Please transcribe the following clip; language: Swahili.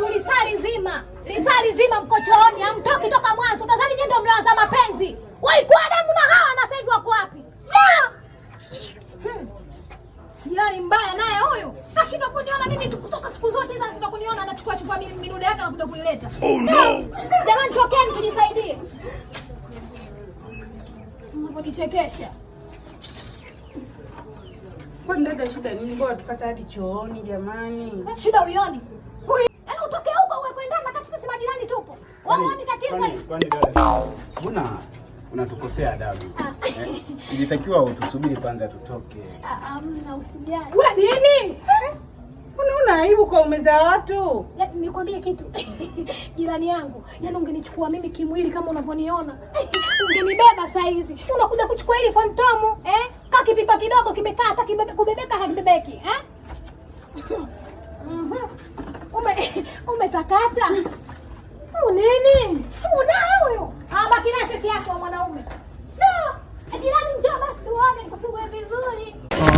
watu lisali zima lisali zima mkochooni, hamtoki toka mwanzo. Tazani nyinyi ndio mlianza mapenzi, walikuwa Adamu na Hawa na sasa hivi wako wapi? Hmm. Jirani mbaya naye huyu kashindwa kuniona mimi tu kutoka siku zote hizo, anashindwa kuniona, anachukua chukua minuda yake anakuja kuileta. Oh no! Jamani, chokeni tujisaidie, mnapojichekesha kwa dada. Shida nini? Ngoja tukata hadi chooni jamani, shida uyoni Mbona unatukosea adabu? Ah. Eh, ilitakiwa utusubiri kwanza tutoke. Ah, nini? Unaona aibu kwa umeza watu? Nikwambie kitu jirani yangu, yaani ungenichukua mimi kimwili kama unavyoniona ungenibeba saa hizi. Unakuja kuchukua hili fantomu eh? Ka kipipa kidogo kimekaa hata kubebeka hakibebeki eh? Mhm. Umetakata ume nini? Unayo abaki na cheki ah, yako mwanaume. No, jirani njoo basi tuone kusugwe vizuri.